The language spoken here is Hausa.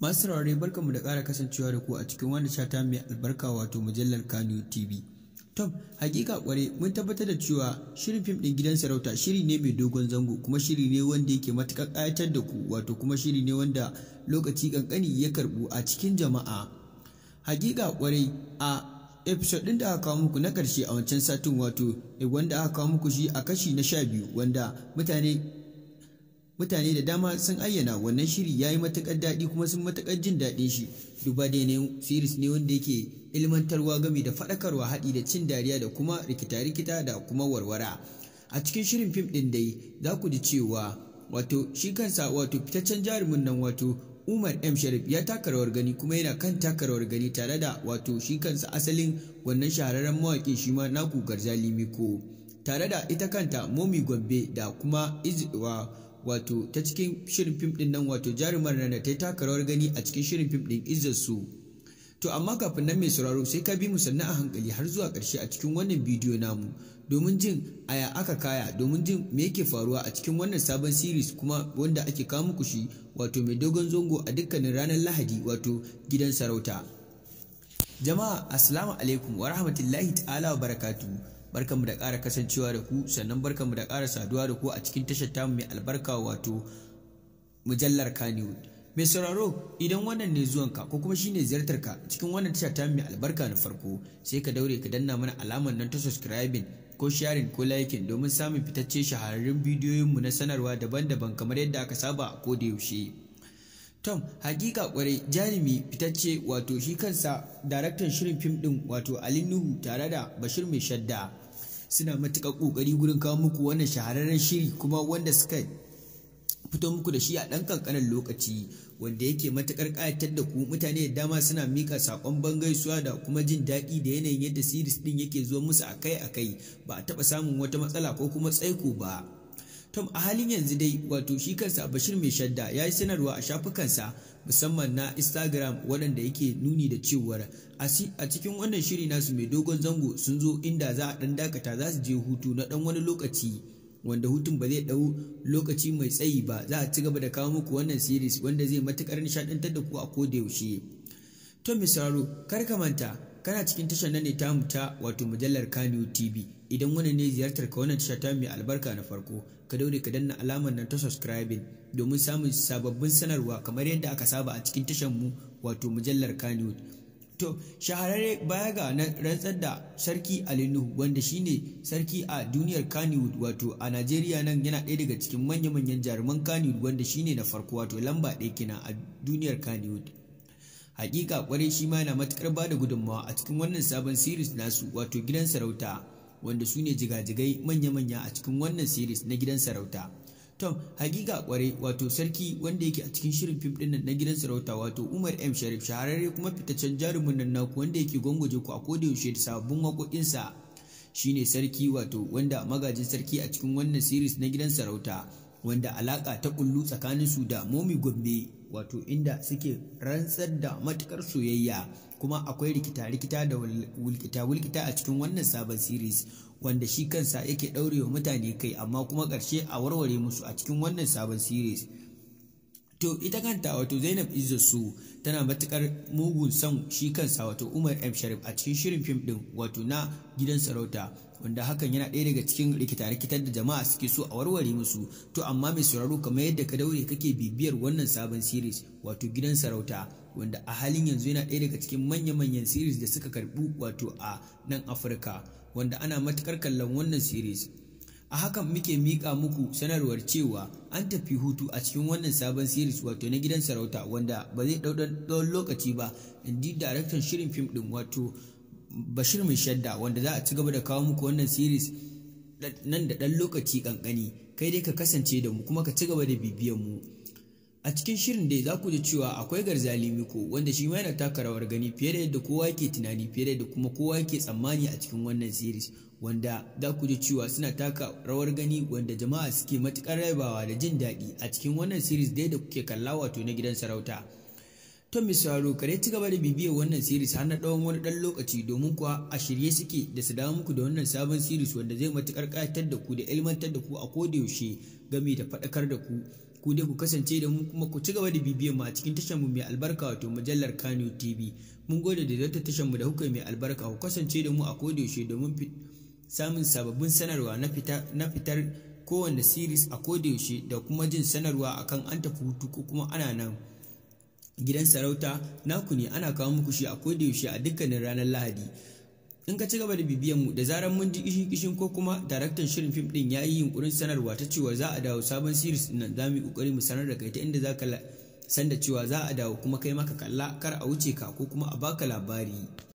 Masu saurare barkanmu da ƙara kasancewa da ku a cikin wani shata mai albarka wato mujallar Kano TV. Tom, hakika kware mun tabbatar da cewa shirin fim ɗin gidan sarauta shiri ne mai dogon zango kuma shiri ne wanda yake matuƙar ƙayatar da ku wato kuma shiri ne wanda lokaci kankani ya karɓu a cikin jama'a. Hakika kware a episode ɗin da aka kawo muku na ƙarshe a wancan satin wato eh, wanda aka kawo muku shi a kashi na sha biyu wanda mutane mutane da dama sun ayyana wannan shiri ya yi matuƙar daɗi kuma sun matuƙar jin daɗin shi duba da yanayin series ne wanda yake ilmantarwa game da faɗakarwa haɗi da cin dariya da kuma rikita-rikita da kuma warwara a cikin shirin fim ɗin dai za ku ji cewa wato shi kansa wato fitaccen jarumin nan wato umar m sharif ya taka rawar gani kuma yana kan taka rawar gani tare da wato shi kansa asalin wannan shahararren mawaƙi shi ma naku garzali miko tare da ita kanta momi gombe da kuma izuwa wato ta cikin shirin fim din nan wato jarumar nan da ta yi taka rawar gani a cikin shirin fim din izzarsu su to amma kafin nan mai sauraro sai ka bi mu sanna a hankali har zuwa ƙarshe a cikin wannan bidiyo namu domin jin aya aka kaya domin jin me yake faruwa a cikin wannan sabon series kuma wanda ake kawo muku shi wato mai dogon zango a dukkanin ranar lahadi wato gidan sarauta jama'a assalamu alaikum wa rahmatullahi ta'ala wa barakatuhu barkanmu da ƙara kasancewa da ku sannan barkanmu da ƙara saduwa da ku a cikin tashar tamu mai albarka wato mujallar Kannywood. mai sauraro idan wannan ne zuwan ka ko kuma shine ka cikin wannan tashar ta mai albarka na farko sai ka daure ka danna mana alamar nan ta subscribing ko sharing ko liking domin samun fitacce shahararrun bidiyoyinmu na sanarwa daban-daban kamar yadda aka saba a da yaushe. Tom hakika kwarai jarumi fitacce wato shi kansa daraktan shirin fim din wato Ali Nuhu tare da Bashir Mai Shadda suna matuƙar ƙoƙari gurin kawo muku wannan shahararren shiri kuma wanda suka fito muku da shi a ɗan kankanin lokaci wanda yake matuƙar ƙayatar da ku mutane da dama suna mika saƙon suwa da kuma jin daɗi da yanayin yadda siris ɗin yake zuwa musu akai-akai ba a taɓa samun wata matsala ko kuma tsaiko ba. tom a halin yanzu dai wato shi kansa bashir mai shadda ya yi sanarwa a shafukansa musamman na instagram waɗanda yake nuni da cewar a cikin wannan shiri nasu mai dogon zango sun zo inda za a ɗan dakata za su je hutu na ɗan wani lokaci wanda hutun ba zai ɗau lokaci mai tsayi ba za a ci gaba da kawo muku wannan series wanda zai matuƙar nishaɗantar da ku a da yaushe to sauraro kar ka manta kana cikin tashar nan ne ta ta wato mujallar Kano TV idan wani ne ziyartar ka wannan tashar ta mai albarka na farko ka daure ka danna alamar nan ta subscribing domin samun sababbin sanarwa kamar yadda aka saba a cikin tashar mu wato mujallar Kano to shahararre baya ga rantsar da sarki Ali wanda shine sarki a duniyar Kannywood wato a Najeriya nan yana ɗaya daga cikin manya-manyan jaruman Kannywood wanda shine na farko wato lamba ɗaya kina a duniyar Kannywood hakika kwarai shi ma yana matukar ba da gudunmawa a cikin wannan sabon series nasu wato gidan sarauta wanda su ne jigajigai manya-manya a cikin wannan series na gidan sarauta tom hakika kwarai wato sarki wanda yake a cikin shirin fim din na gidan sarauta wato umar m sharif shahararre kuma fitaccen jarumin nan naku wanda yake gwangwaje ku a kodayaushe da sababbin waƙoƙinsa shine sarki wato wanda magajin sarki a cikin wannan series na gidan sarauta wanda alaka ta kullu tsakanin su da momi gombe wato inda suke rantsar da matukar soyayya kuma akwai rikita-rikita da wulkita-wulkita a cikin wannan sabon series wanda shi kansa yake ɗaurewa mutane kai amma kuma ƙarshe a warware musu a cikin wannan sabon series to ita kanta wato zainab su tana matukar mugun son shi kansa wato umar m sharif a cikin shirin fim din wato na gidan sarauta wanda hakan yana ɗaya daga cikin rikita-rikitar da jama'a suke so a warware musu to amma mai sauraro kamar yadda ka daure kake bibiyar wannan sabon series wato gidan sarauta wanda a halin yanzu yana ɗaya daga cikin manya-manyan series da suka karɓu wato a nan afirka wanda ana matukar kallon wannan series a hakan muke mika muku sanarwar cewa an tafi hutu a cikin wannan sabon series wato na gidan sarauta wanda ba zai ɗau lokaci ba inji daraktan shirin fim din wato bashir mai shadda wanda za a ci gaba da kawo muku wannan series nan da ɗan lokaci kankani kai dai ka kasance da mu kuma ka ci gaba da bibiyan mu a cikin shirin dai za ku ji cewa akwai garzali miko wanda shi ma yana taka rawar gani fiye da yadda kowa ke tunani fiye da yadda kuma kowa ke tsammani a cikin wannan series wanda za ku ji cewa suna taka rawar gani wanda jama'a suke matukar rayuwa da jin daɗi a cikin wannan series dai da kuke kalla wato na gidan sarauta to mai sauraro kare ci gaba da bibiyar wannan series har na dawon wani dan lokaci domin kuwa a shirye suke da su dawo muku da wannan sabon series wanda zai matukar ƙayatar da ku da ilmantar da ku a koda yaushe game da faɗakar da ku ku dai ku kasance da mu kuma ku ci gaba da bibiyan mu a cikin tashar mu mai albarka wato mujallar Kano TV mun gode da zata tashar mu da kuka mai albarka ku kasance da mu a yaushe domin samun sababbin sanarwa na fitar na fitar kowanne series a yaushe da kuma jin sanarwa akan an tafi hutu ko kuma ana nan gidan sarauta naku ne ana kawo muku shi a yaushe a dukkanin ranar Lahadi in ka ci gaba da bibiyan mu da zaran mun ji kishin kishin ko kuma daraktan shirin fim din ya yi yunkurin sanarwa ta cewa za a dawo sabon series nan za mu yi kokari mu sanar da kai ta inda za ka san da cewa za a dawo kuma kai maka kalla kar a wuce ka ko kuma a baka labari